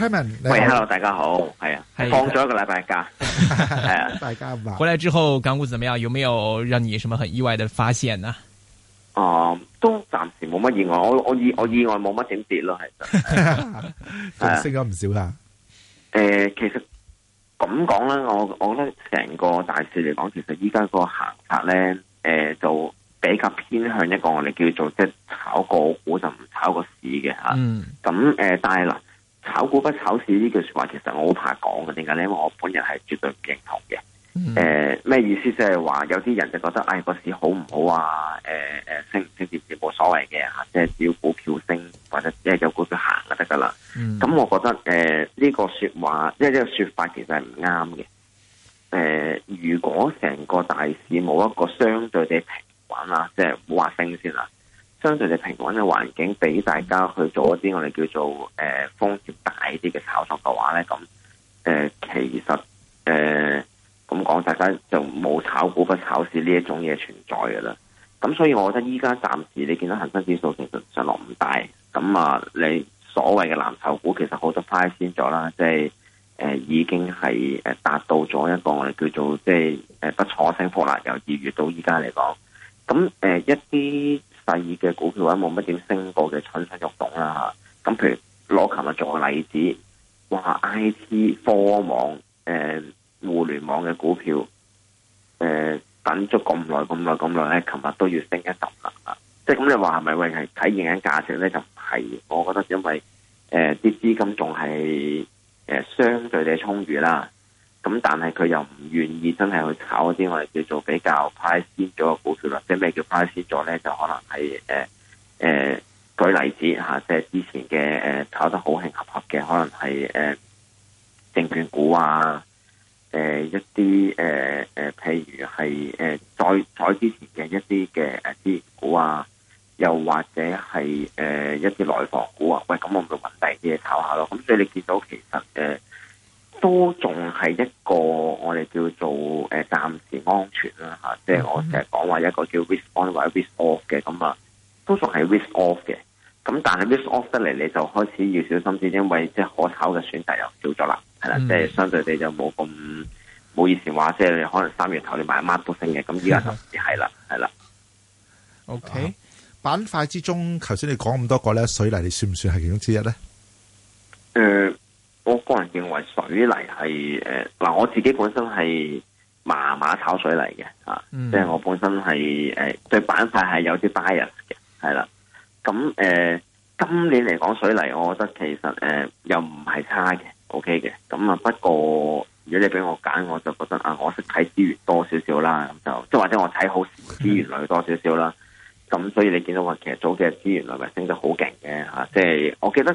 喂、hey，Hello，大家好，係啊，hey, yeah. 放咗一個禮拜假，係 啊， 大家假吧。回來之後港股怎麼樣？有沒有任何什麼很意外的發現啊？哦、嗯，都暫時冇乜意外，我我意我意外冇乜點跌咯，係、啊，升咗唔少啦、啊。誒、嗯，其實咁講啦，我我覺得成個大市嚟講，其實依家個行態咧，誒、呃，就比較偏向一個我哋叫做即係、就是、炒個股就唔炒個市嘅吓。咁、啊、誒、嗯呃，但係嗱。炒股不炒市呢句說話，其實我好怕講嘅。點解咧？因為我本人係絕對唔認同嘅。誒，咩意思？即係話有啲人就覺得，唉，個市好唔好啊？誒誒，升唔升跌冇所謂嘅吓，即係只要股票升或者即係有股票行就得噶啦。咁我覺得誒呢個說話，即係呢個說法，其實係唔啱嘅。誒，如果成個大市冇一個相對嘅平穩啦，即係冇話升先啦。相對你平穩嘅環境，俾大家去做一啲我哋叫做誒、呃、風險大啲嘅炒作嘅話咧，咁誒、呃、其實誒咁講，呃、大家就冇炒股不炒市呢一種嘢存在嘅啦。咁所以，我覺得依家暫時你見到恒生指數其實上落唔大，咁啊，你所謂嘅藍籌股其實好多派先咗啦，即係誒、呃、已經係誒達到咗一個我哋叫做即係誒不錯升幅啦，由二月到依家嚟講，咁誒、呃、一啲。第二嘅股票或者冇乜點升過嘅蠢蠢欲動啦、啊、吓，咁譬如攞琴日做個例子，話 I T 科網誒、呃、互聯網嘅股票誒、呃、等咗咁耐咁耐咁耐咧，琴日都要升一十啦，即係咁你話係咪會係體現緊價值咧？就唔係，我覺得因為誒啲、呃、資金仲係誒相對地充裕啦。咁但係佢又唔願意真係去炒嗰啲我哋叫做比較派先咗嘅股票，或者咩叫派先咗咧？就可能係誒誒舉例子嚇、啊，即係之前嘅誒炒得好興合合嘅，可能係誒、呃、證券股啊，誒、呃、一啲誒誒譬如係誒再再之前嘅一啲嘅誒資源股啊，又或者係誒、呃、一啲內房股啊，喂，咁我咪揾第二啲嘢炒下咯。咁所以你見到其實嘅。呃都仲係一個我哋叫做誒暫時安全啦吓、嗯啊，即係我成日講話一個叫 risk on 或者 risk off 嘅，咁啊都仲係 risk off 嘅。咁但係 risk off 得嚟，你就開始要小心啲，因為即係可炒嘅選擇又少咗啦，係啦、嗯啊，即係相對地就冇咁冇以前話即係可能三月頭你買一蚊都升嘅，咁依家就係啦，係啦。OK，板塊之中，頭先你講咁多個咧，水泥你算唔算係其中之一咧？誒、嗯。我個人認為水泥係誒，嗱、呃、我自己本身係麻麻炒水泥嘅啊，嗯、即係我本身係誒、呃、對板塊係有啲 buy 入嘅，係啦。咁誒、呃、今年嚟講水泥，我覺得其實誒、呃、又唔係差嘅，OK 嘅。咁啊不過如果你俾我揀，我就覺得啊，我識睇資源多少少啦，咁就即係或者我睇好資源類多少少啦。咁、嗯、所以你見到話其實早嘅資源類咪升得好勁嘅吓，即係我記得。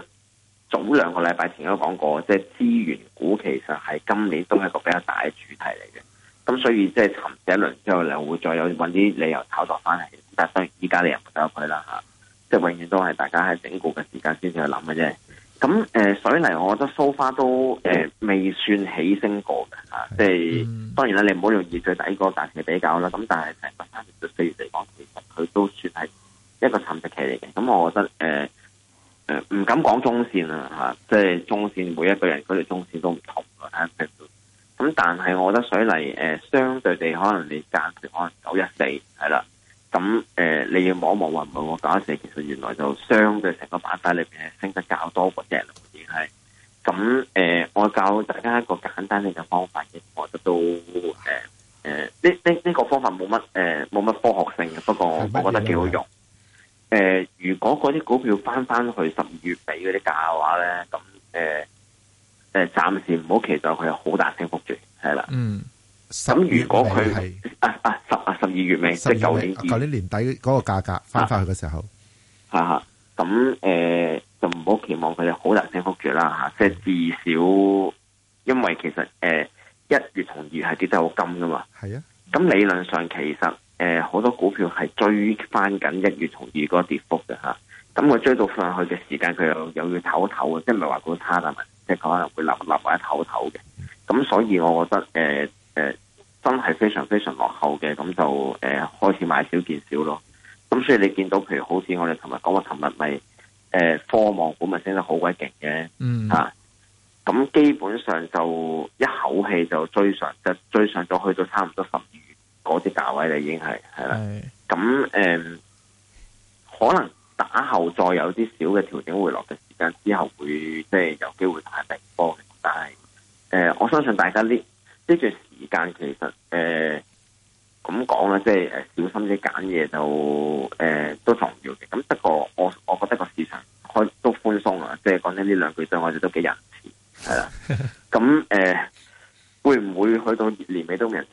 早兩個禮拜前都講過，即係資源股其實係今年都係一個比較大嘅主題嚟嘅。咁所以即係沉寂一輪之後，你會再有揾啲理由炒作翻嚟。但係當然依家你又唔得入去啦嚇。即係永遠都係大家喺整固嘅時間先至去諗嘅啫。咁誒，水泥我覺得 so far 都誒、呃、未算起升過嘅嚇、啊。即係、mm. 當然啦，你唔好用易對最低一個價嘅比較啦。咁但係成個三、四月嚟講，其實佢都算係一個沉寂期嚟嘅。咁我覺得誒。呃誒，唔、呃、敢講中線啊，吓，即係中線每一個人嗰條中線都唔同嘅，咁、啊、但係我覺得水泥誒、呃、相對地可能你暫可能九一四係啦，咁、嗯、誒、呃、你要望一望話唔會我九一四其實原來就相對成個板塊裏邊係升得較多嗰隻嘅係，咁誒、嗯呃、我教大家一個簡單嘅方法嘅，我覺得都誒誒呢呢呢個方法冇乜誒冇乜科學性嘅，不過我覺得幾好用。誒，如果嗰啲股票翻翻去十二月尾嗰啲價嘅話咧，咁誒誒，暫時唔好期待佢有好大升幅住，係啦。嗯，如果佢係啊啊十啊十二月尾，即係舊年舊年年底嗰個價格翻翻去嘅時候，啊，咁誒就唔好期望佢哋好大升幅住啦吓，即係至少，因為其實誒一月同二係跌得好金噶嘛，係啊。咁理論上其實。誒，好多股票係追翻緊一月同二月嗰個跌幅嘅嚇，咁、啊、佢、嗯嗯嗯、追到上去嘅時間，佢又又要唞一唞啊，即係唔係話股差啦，即係佢可能會立立或者唞唞嘅。咁所以，我覺得誒誒真係非常非常落後嘅，咁就誒開始買少見少咯。咁所以你見到，譬如好似我哋琴日講話，琴日咪誒科網股咪升得好鬼勁嘅，嗯咁、嗯嗯嗯、基本上就一口氣就追上，就追上咗去到差唔多十二。嗰啲價位咧，已經係係啦。咁誒、 嗯，可能打後再有啲小嘅調整回落嘅時間之後會，會即係有機會打第二波。但係誒、呃，我相信大家呢呢段時間其實誒咁講咧，即係誒小心啲揀嘢就誒、呃、都重要嘅。咁不過我我覺得個市場開都寬鬆啊，即係講緊呢兩句，對我哋都幾仁慈係啦。咁誒、 呃，會唔會去到年尾都唔人？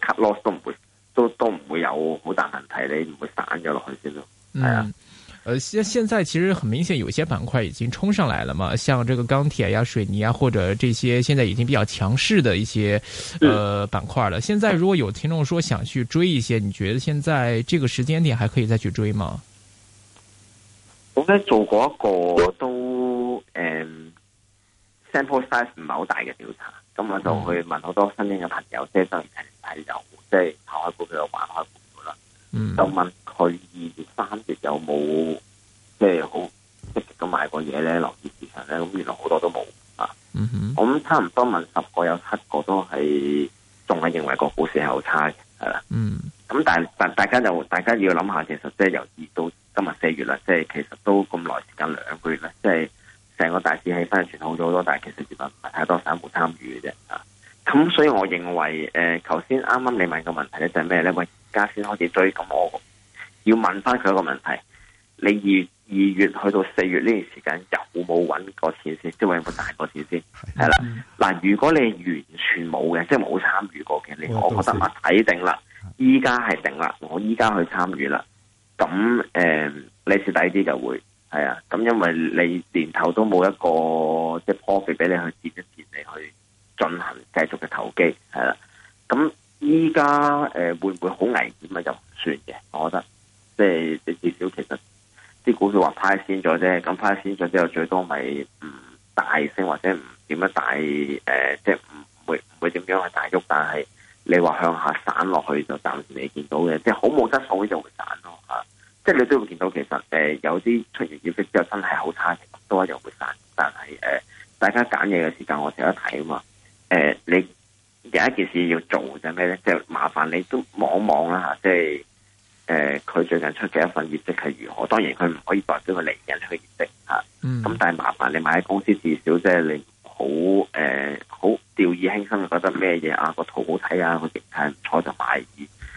cut loss 都唔會，都都唔會有好大問題，你唔會散咗落去先咯。係啊，誒，現現在其實很明顯，有些板塊已經衝上來了嘛，像這個鋼鐵呀、水泥啊，或者這些現在已經比較強勢的一些，誒、呃、板塊了。現在如果有聽眾說想去追一些，你覺得現在這個時間點還可以再去追嗎？我咧做過一個都誒、嗯、sample size 唔係好大嘅調查。咁我就去問好多身邊嘅朋友，即係都係係有，即係炒開股佢就玩開股噶啦。就問佢二月、三月有冇即係好積極咁買過嘢咧？留意市場咧，咁原來好多都冇啊。嗯哼、mm，我、hmm。諗差唔多問十個，有七個都係仲係認為個股市係好差嘅，係啦。嗯、mm，咁、hmm。但但大家就大家要諗下，其實即係由二到今日四月啦，即係其實都咁耐時間兩個月咧，即係。成個大市氣氛係轉好咗好多，但係其實資本唔係太多散戶參與嘅啫，吓，咁所以我認為，誒、呃，頭先啱啱你問個問題咧就係咩咧？喂，而家先開始追，咁我要問翻佢一個問題：你二二月去到四月呢段時間有冇揾過錢先？即係有冇大過錢先？係啦，嗱，如果你完全冇嘅，即係冇參與過嘅，你 我覺得啊，睇定啦，依家係定啦，我依家去參與啦，咁誒、呃，你蝕底啲就會。係啊，咁、嗯、因為你連頭都冇一個即係 profit 俾你去墊一墊，你去進行繼續嘅投機係啦。咁依家誒會唔會好危險咧？就唔算嘅，我覺得即係至少其實啲股票話派先咗啫。咁派先咗之後，最多咪唔大升或者唔點樣大誒、呃，即係唔會唔會點樣去大喐。但係你話向下散落去就暫時未見到嘅，即係好冇質素就會散咯吓。啊即係你都會見到，其實誒、呃、有啲出完業績之後真係好差嘅，多又會散。但係誒、呃，大家揀嘢嘅時間我成日睇啊嘛。誒、呃，你有一件事要做就係咩咧？即係麻煩你都望望啦吓，即係誒佢最近出嘅一份業績係如何？當然佢唔可以代表個嚟人嘅業績吓。咁、啊嗯、但係麻煩你買喺公司至少即係你好誒好掉以輕心，覺得咩嘢啊個圖好睇啊，佢形態唔錯就買。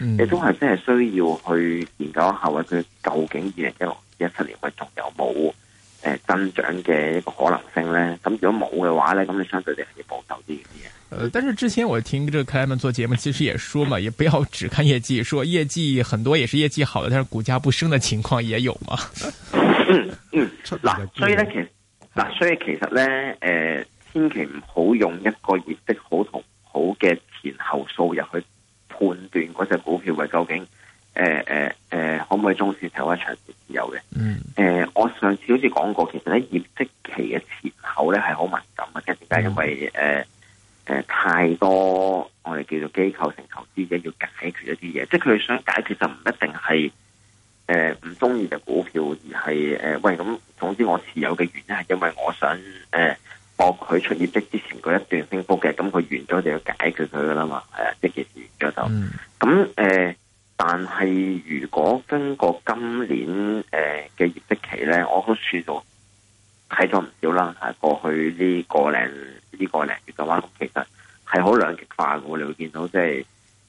亦、嗯、都係真係需要去研究一下，喂，佢究竟二零一六、一七年會仲有冇誒增長嘅一個可能性咧？咁如果冇嘅話咧，咁你相對地係要保守啲嘅嘢。誒、呃，但是之前我聽呢個 Clement 做節目，其實也說嘛，也不要只看業績，說業績很多也是業績好嘅，但是股價不升嘅情況也有嘛。嗯 嗯， 嗱，所以咧，嗯、其實嗱，所以其實咧，誒、呃，千祈唔好用一個業績好同唔好嘅前後數入去。段嗰隻股票嘅究竟，誒誒誒，可唔可以中線睇或者長線持有嘅？誒， 我上次好似講過，其實咧業績期嘅前後咧係好敏感嘅。一點解？因為誒誒太多我哋叫做機構性投資者要解決一啲嘢，即係佢想解決就唔一定係誒唔中意嘅股票，而係誒喂咁。總之我持有嘅原因係因為我想誒博佢出業績之前嗰一段升幅嘅，咁佢完咗就要解決佢噶啦嘛。係啊，即係完咗就。咁誒、呃，但係如果經過今年誒嘅、呃、業績期咧，我都算咗睇咗唔少啦。係過去呢個零呢、這個零月嘅話，其實係好兩極化。我哋會見到即係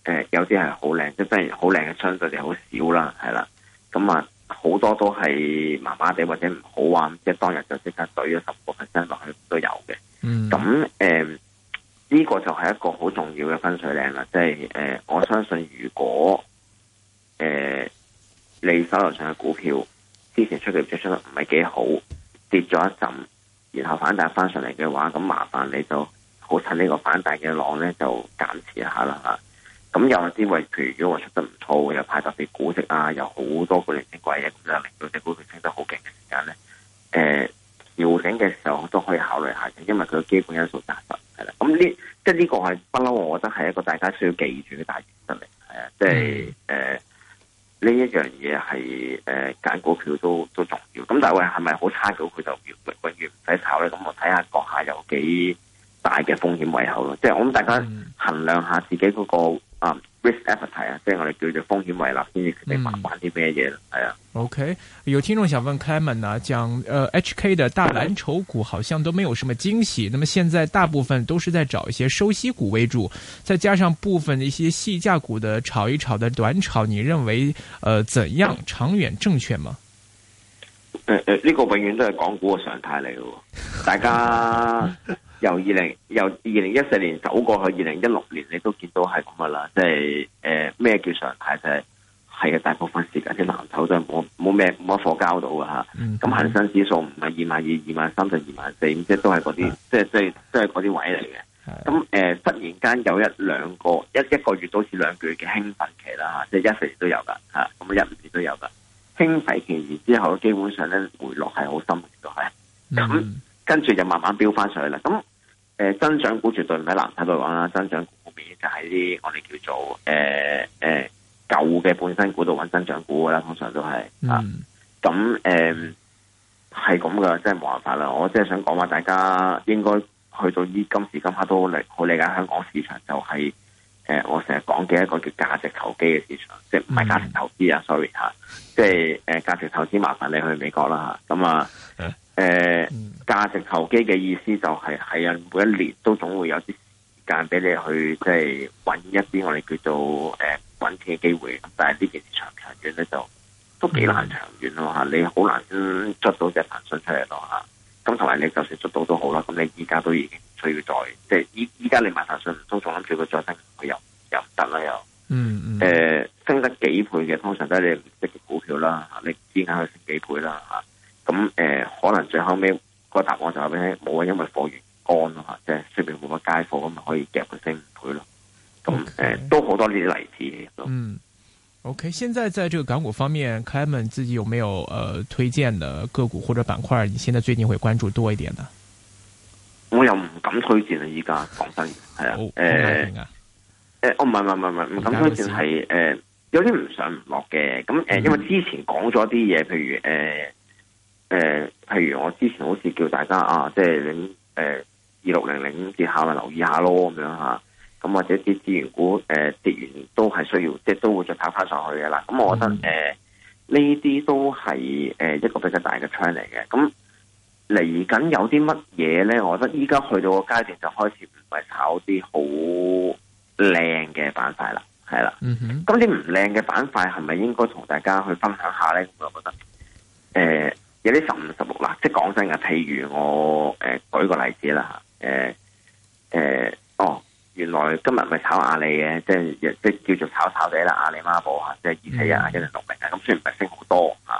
誒，有啲係好靚，即係當然好靚嘅相對就好、是就是、少啦，係啦。咁啊，好多都係麻麻地或者唔好啊，即係當日就即刻懟咗十個 percent 落去都有嘅。嗯，咁、呃、誒。呢個就係一個好重要嘅分水嶺啦，即係誒，我相信如果誒你手頭上嘅股票之前出嘅業績，出得唔係幾好，跌咗一陣，然後反彈翻上嚟嘅話，咁麻煩你就好趁呢個反彈嘅浪咧，就減持一下啦吓。咁有啲位譬如，如果我出得唔錯，又派特別股息啊，有好多個零點貴嘢咁樣令到啲股票升得好勁嘅時間咧，誒，調整嘅時候都可以考慮下嘅，因為佢嘅基本因素扎實。係啦，咁呢、嗯，即係呢個係不嬲，我覺得係一個大家需要記住嘅大原則嚟，係、嗯、啊，即係誒呢一樣嘢係誒揀股票都都重要，咁但係係咪好差嘅佢就越永遠唔使炒咧？咁我睇下閣下有幾大嘅風險胃口咯，即係我諗大家衡量下自己嗰個啊。risk appetite 啊，即係我哋叫做風險為立，先至去玩啲咩嘢。係啊。O K，有聽眾想問 Clement 啊，講，誒、呃、H K 的大藍籌股好像都沒有什麼驚喜，那麼現在大部分都是在找一些收息股為主，再加上部分的一些細價股的炒一炒的短炒，你認為，誒、呃，怎樣長遠正確嗎？誒誒、呃、呢、呃這個永遠都係港股嘅常態嚟嘅，大家。 由二零由二零一四年走過去二零一六年，你都見到係咁噶啦，即係誒咩叫常態就係係嘅大部分時間啲藍籌都冇冇咩冇乜貨交到噶吓，咁恒、嗯、生指數唔係二萬二、二萬三、就二萬四，即係都係嗰啲即係即係即係啲位嚟嘅。咁誒忽然間有一兩個一一個月都似兩個月嘅興奮期啦吓，即係一四年都有噶吓，咁一五年都有噶，興奮期完之後，基本上咧回落係好深嘅，係咁。嗯嗯跟住就慢慢飚翻上嚟啦。咁、嗯、誒，增長股絕對唔係喺藍籌度講啦。增長股面就係啲我哋叫做誒誒、呃呃、舊嘅本身股度揾增長股啦，通常都係啊。咁誒係咁噶，真係冇辦法啦。我即係想講話，大家應該去到依今時今刻都嚟好理解香港市場、就是，就係誒我成日講嘅一個叫價值投機嘅市場，即係唔係價值投資啊？Sorry 嚇、啊，即係誒價值投資，麻煩你去美國啦嚇。咁啊。啊嗯嗯誒，價、呃、值投機嘅意思就係、是、係啊，每一年都總會有啲時間俾你去即係搵一啲我哋叫做誒搵錢嘅機會。但係呢件事長長遠咧就都幾難長遠咯吓，你好難捉到隻騰訊出嚟咯吓。咁同埋你就算捉到都好啦，咁你依家都已經需要再即係依依家你買騰訊都仲諗住佢再升佢會又唔得啦又，又啊、嗯誒、嗯呃，升得幾倍嘅通常都係你唔識嘅股票啦吓、啊，你點解去升幾倍啦吓？啊啊咁誒，可能最後尾個答案就係咩？冇啊，因為貨源乾啊，嚇，即係出面冇乜街貨，咁咪可以夾佢升五倍咯。咁誒，都好多呢啲例子。嗯，OK，現在在這個港股方面 Clement 自己有沒有誒推薦的個股或者板塊？你現在最近會關注多一點的？我又唔敢推薦啊！依家講真，係啊，誒我唔係唔係唔係唔敢推薦，係誒有啲唔上唔落嘅。咁誒，因為之前講咗啲嘢，譬如誒。例如我之前好似叫大家啊，即係你誒二六零零跌下咪留意下咯咁樣吓，咁或者啲資源股誒、呃、跌完都係需要，即係都會再跑翻上去嘅啦。咁、嗯嗯、我覺得誒呢啲都係誒、呃、一個比較大嘅 trend 嚟嘅。咁嚟緊有啲乜嘢咧？我覺得依家去到個階段就開始唔係炒啲好靚嘅板塊啦，係啦。咁啲唔靚嘅板塊係咪應該同大家去分享下咧？我覺得誒。呃呃有啲十五十六啦，即係講真嘅。譬如我誒舉個例子啦誒誒哦，原來今日咪炒阿里嘅，即係即係叫做炒炒者啦。阿里孖寶啊，即係二四啊，一零六零啊，咁雖然唔係升好多吓，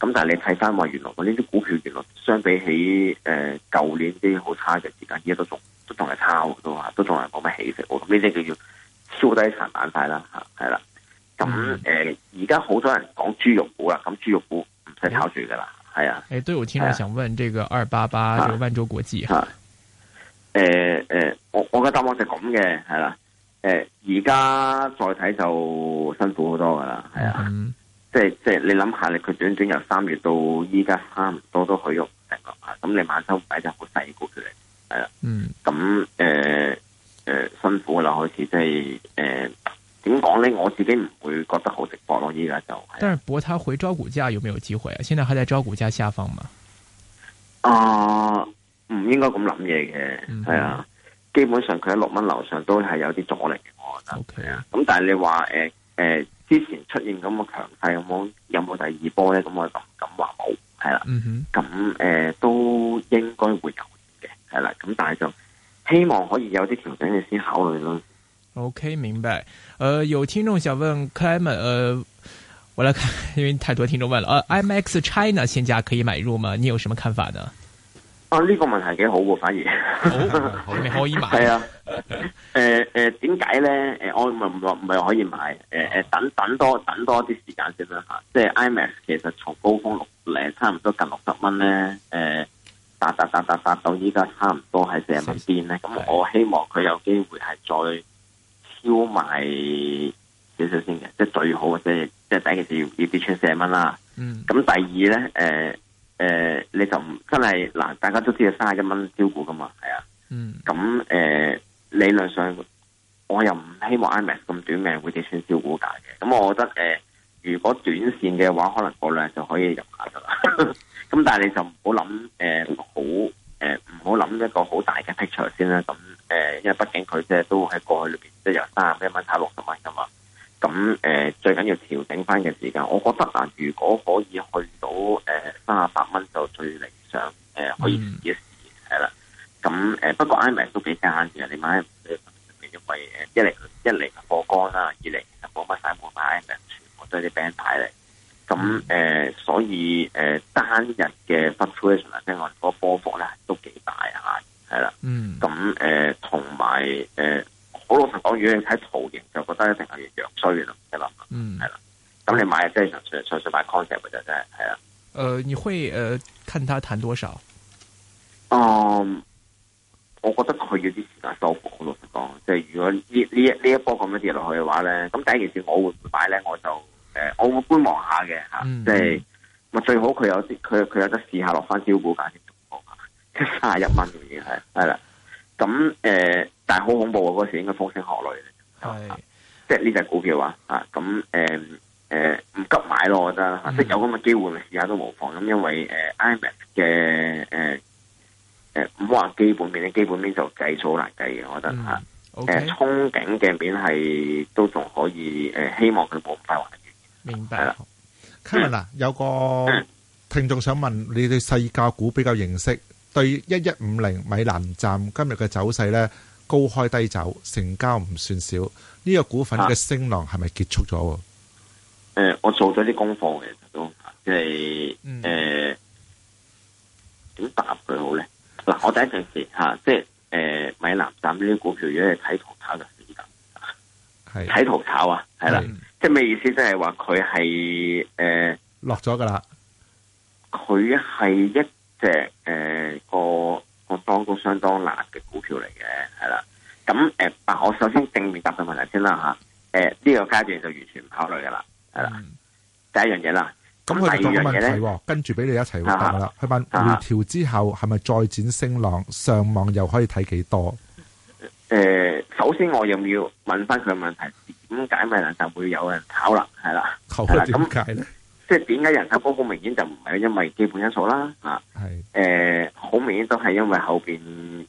咁但係你睇翻話原來嗰啲股票原來相比起誒舊年啲好差嘅時間，而家都仲都仲係差嘅都啊，都仲係冇乜起色。咁呢啲叫做超低層板塊啦吓，係啦。咁誒而家好多人講豬肉股啦，咁豬肉股唔使炒住噶啦。係啊，誒、啊，對我今日想問這個二八八，這個萬洲國際，吓，誒誒，我我嘅答案就咁嘅，係啦、啊，誒、呃，而家再睇就辛苦好多噶啦，係啊，即係即係你諗下，你佢短短由三月到依家差唔多都去喐成個，咁你萬洲買就好細股嘅，係啦，嗯，咁誒誒辛苦啦，開始即係誒。點講咧？我自己唔會覺得好直播咯、啊，依家就係。但是搏佢回招股價有沒有機會？現在還在招股價下方嘛。啊、呃，唔應該咁諗嘢嘅，係、嗯、哼啊。基本上佢喺六蚊樓上都係有啲阻力嘅，我覺得。o、okay、k 啊。咁但係你話誒誒，之前出現咁嘅強勢，有冇有冇第二波咧？咁我唔敢話冇，係啦、啊。咁誒、嗯哼呃、都應該會有嘅，係啦、啊。咁但係就希望可以有啲調整，你先考慮咯。OK，明白。呃，有聽眾想問 Clement 呃，我來看，因為太多聽眾問了。呃，IMAX China 現價可以買入嗎？你有什麼看法呢？啊，呢個問題幾好喎，反而 好，可以買係啊。誒誒，點解咧？誒，誒嗯、我唔係唔係可以買？誒、呃、誒，等等，等多，等多啲時間先啦吓。即係 IMAX 其實從高峰六零差唔多近六十蚊咧，誒、呃，達達達達達到依家差唔多係四十蚊邊咧。咁我希望佢有機會係再。 要買少少先嘅，即係最好，即係即係第一件事要，要跌穿四十蚊啦。咁、嗯、第二咧，誒、呃、誒、呃，你就唔，真係嗱，大家都知道三十一蚊招股噶嘛，係啊。咁誒、嗯嗯嗯，理論上我又唔希望 IMAX 咁短命會跌穿招股價嘅。咁我覺得誒、呃，如果短線嘅話，可能過兩日就可以入價噶啦。咁 但係你就唔、呃、好諗誒好。誒，唔好諗一個好大嘅 picture 先啦，咁、呃、誒，因為畢竟佢即係都喺過去裏邊，即係由三十一蚊炒六十蚊噶嘛，咁誒、呃，最緊要調整翻嘅時間，我覺得啊、呃，如果可以去到誒三十八蚊就最理想，誒、呃、可以試一試係啦，咁誒、嗯呃，不過 Ivan 都比較慳嘅，你買。會，誒、呃，看他彈多少。嗯，um, 我覺得佢要啲時間收貨咯，老實講即係如果呢呢一呢一波咁樣跌落去嘅話咧，咁第一件事我會唔買咧，我就誒、呃、我會觀望下嘅吓，即係啊、嗯就是、最好佢有啲佢佢有得試下落翻招股價先做波啊，即係卅一蚊，係係啦，咁誒，但係好恐怖啊，嗰時應該風聲鶴唳嘅，係即係呢隻股票話啊，啊咁誒。嗯嗯嗯誒，唔、呃、急買咯、啊嗯啊啊啊，我覺得即係有咁嘅機會，試下、嗯 okay? 啊、都無妨。咁因為誒 IMAX 嘅誒誒，唔好話基本面咧，基本面就計數難計嘅，我覺得吓。誒，衝頂嘅面係都仲可以，誒、啊，希望佢冇快翻還完。明白。今日嗱，嗯、Kieran，有個聽眾想問、嗯嗯、你哋，細價股比較認識對一一五零米蘭站今日嘅走勢咧，高開低走，成交唔算少呢、這個股份嘅升浪係咪結束咗？誒、呃，我做咗啲功課嘅都即係誒點答佢好咧？嗱、嗯，我第一件事吓，即係誒、呃，米蘭站呢啲股票，如果係睇圖炒嘅點答，係睇圖炒啊，係啦，的即係咩意思？即係話佢係誒落咗噶啦，佢係一隻誒、呃、個個當高相當難嘅股票嚟嘅，係啦。咁誒，嗱、呃，我首先正面答個問題先啦吓。誒、啊，呢、這個階段就完全唔考慮噶啦。係啦，嗯、第一樣嘢啦，咁佢第二個嘢，題跟住俾你一齊回答啦。佢問回調之後係咪再展升浪？上望又可以睇幾多？誒，首先我又要問翻佢問題，點解米蘭站會有人炒啦？係啦，係啦，點解咧？即係點解人口高好明顯就唔係因為基本因素啦？啊的，係誒、嗯、好、呃、明顯都係因為後邊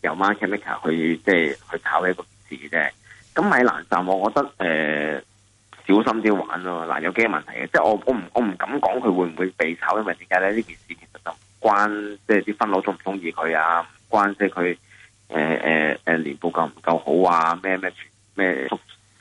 有 market maker 去即係去炒一個字啫。咁米蘭站，我覺得誒。呃小心啲玩咯、啊！嗱、啊，有幾個問題嘅、啊，即係我我唔我唔敢講佢會唔會被炒，因為點解咧？呢件事其實就唔關即係啲分佬鍾唔鍾意佢啊，唔關即係佢誒誒誒年報夠唔夠好啊？咩咩咩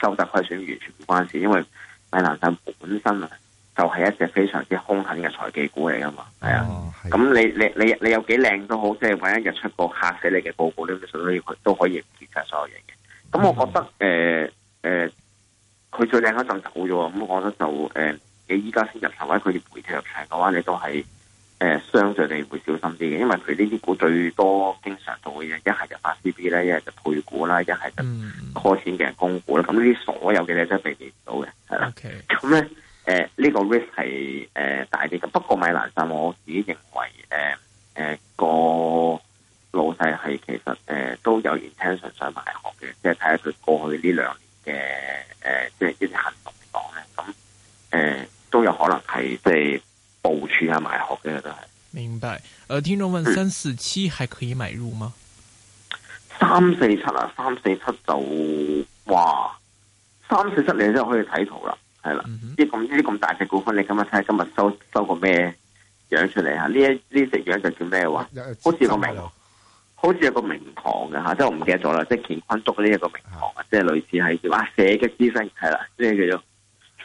收窄虧損，完全唔關事，因為米蘭站本身啊就係一隻非常之兇狠嘅財技股嚟噶嘛，係啊。咁、哦、你你你你有幾靚都好，即係萬一日出個嚇死你嘅報告，呢啲所有嘢佢都可以唔結嘅所有嘢嘅。咁我覺得誒誒。呃呃呃呃呃佢最靚嗰陣走咗，咁我覺得就誒，你依家先入售位，佢哋回退入場嘅話，你都係誒、呃，相對地會小心啲嘅，因為佢呢啲股最多經常做嘅嘢，一係就發 CB 咧，一係就配股啦，一係就攞錢嘅人供股啦，咁呢啲所有嘅嘢都係避唔到嘅，係啦。咁咧誒，呢、嗯呢個 risk 係誒大啲嘅。不過米蘭站我自己認為誒誒個老細係其實誒、呃、都有 intention 想埋學嘅，即係睇下佢過去呢兩。嘅誒，即係一啲行動嚟講咧，咁誒都有可能係即係部署下埋殼嘅都係。明白。誒，聽眾問：三四七還可以買入嗎？三四七啊，三四七就哇，三四七你真係可以睇圖啦，係啦、嗯哼。啲咁啲咁大隻股份，你看看今日睇下今日收收個咩樣出嚟啊？呢一呢隻樣就叫咩話？啊啊、好似個名。好似有個名堂嘅吓、啊，即係我唔記得咗啦，即係乾坤燭呢啲一個名堂啊，即係類似係叫射擊之星」，係啦，咩叫做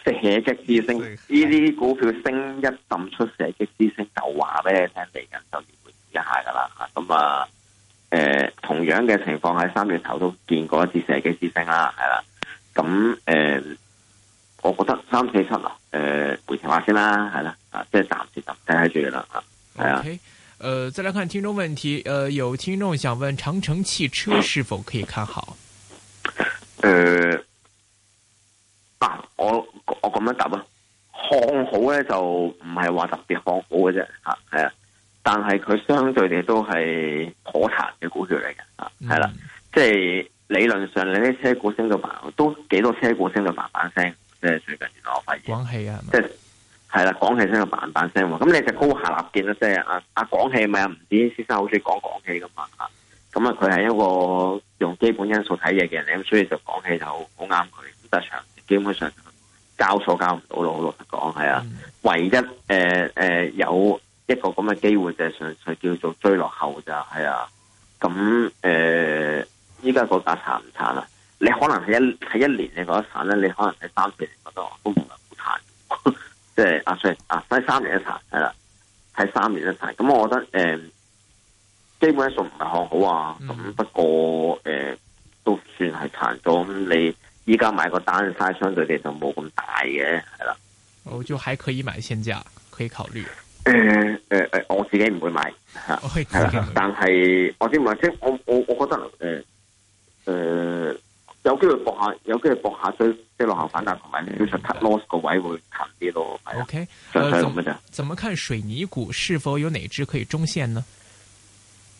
射擊之星」。呢啲股票升一浸出射擊之星」，就話俾你聽嚟緊就要留意一下噶啦咁啊誒、啊呃，同樣嘅情況喺三月頭都見過一次射擊之星」啦，係、啊、啦，咁、啊、誒，我覺得三四七啊，誒、呃，維持話先啦，係啦，啊，即係暫時等睇下住啦吓，係啊。誒、呃，再來看聽眾問題，呃，有聽眾想問長城汽車是否可以看好？誒、嗯，嗱，我我咁樣答啦，看好咧就唔係話特別看好嘅啫，吓係啊，但係佢相對地都係可查嘅股票嚟嘅，係、嗯、啦，即係理論上你啲車股升到慢，都幾多車股升到板板聲，即係最近我發現。係啦，講起聲就板板聲嘛，咁你就高下立見啦。即係阿阿講起咪啊，吳子、啊、先生好中意講講起噶嘛吓，咁啊佢係一個用基本因素睇嘢嘅人，咁所以就講起就好啱佢。咁但係基本上教數教唔到咯，老實講係啊。嗯嗯嗯嗯、唯一誒誒、呃呃、有一個咁嘅機會就係純粹叫做追落後咋，係啊。咁、嗯、誒，依、呃、家個價慘唔慘啦？你可能係一係一年你覺得慘咧，你可能係三四年，萬都唔。即係阿 Sir，啊，喺、啊、三年一賺，係啦，喺三年一賺。咁、嗯嗯、我覺得誒，基本數唔係看好啊。咁不過誒，都算係賺咗。咁你依家買個單，size 相對哋就冇咁大嘅，係啦。哦，就還可以買現價，可以考慮。誒誒誒，我自己唔會買吓，係啦、嗯。但係我先問先，我我我覺得誒誒。呃呃呃呃有機會博下，有機會博下即即落後反彈，同埋咧其實睇 cut loss 個位會近啲咯。O K，想睇咁乜嘢？怎麼看水泥股是否有哪支可以中線呢？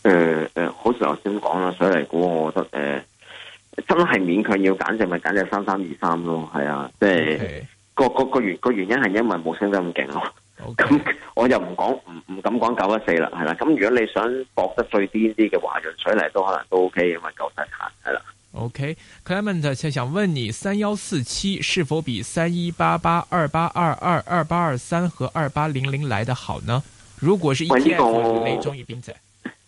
誒、呃、誒，好似頭先講啦，水泥股我覺得誒、呃、真係勉強要揀就咪揀隻三三二三咯。係、嗯、啊，即係 Okay. 個個個原個,個原因係因為冇升得咁勁咯。咁、 嗯、Okay. 我又唔講唔唔敢講九一四啦，係啦。咁如果你想博得最癲啲嘅華潤水泥都可能都 O K 因嘛，夠晒行係啦。O.K. Clement，先想問你三幺四七是否比三一八八二八二二二八二三和二八零零來得好呢？如果是呢個你中意邊隻？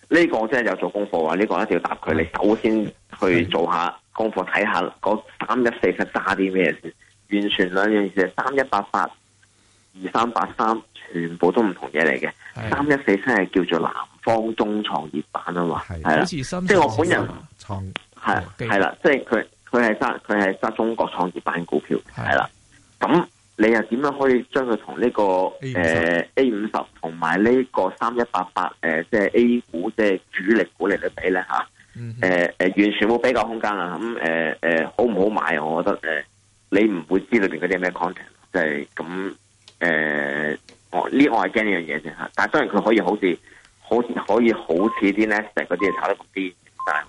呢個我真係有做功課啊！呢個一定要答佢，你首先去做下功課，睇下嗰三一四七揸啲咩先。完全兩樣事。三一八八二三八三全部都唔同嘢嚟嘅。三一四七係叫做南方中創業板啊嘛，係好似新。即係我本人創。係係啦，即係佢佢係揸佢係揸中國創業板股票，係啦的。咁你又點樣可以將佢同呢個誒 A 五十同埋呢個三一八八誒，即係 A 股即係主力股嚟嚟比咧吓誒誒，完全冇比較空間啦。咁誒誒，好唔好買？我覺得誒，你唔會知道邊嗰啲咩 content，就係咁誒。我呢個係驚呢樣嘢啫。吓，但係當然佢可以好似可可以好似啲 nesting 嗰啲炒得咁啲，但係。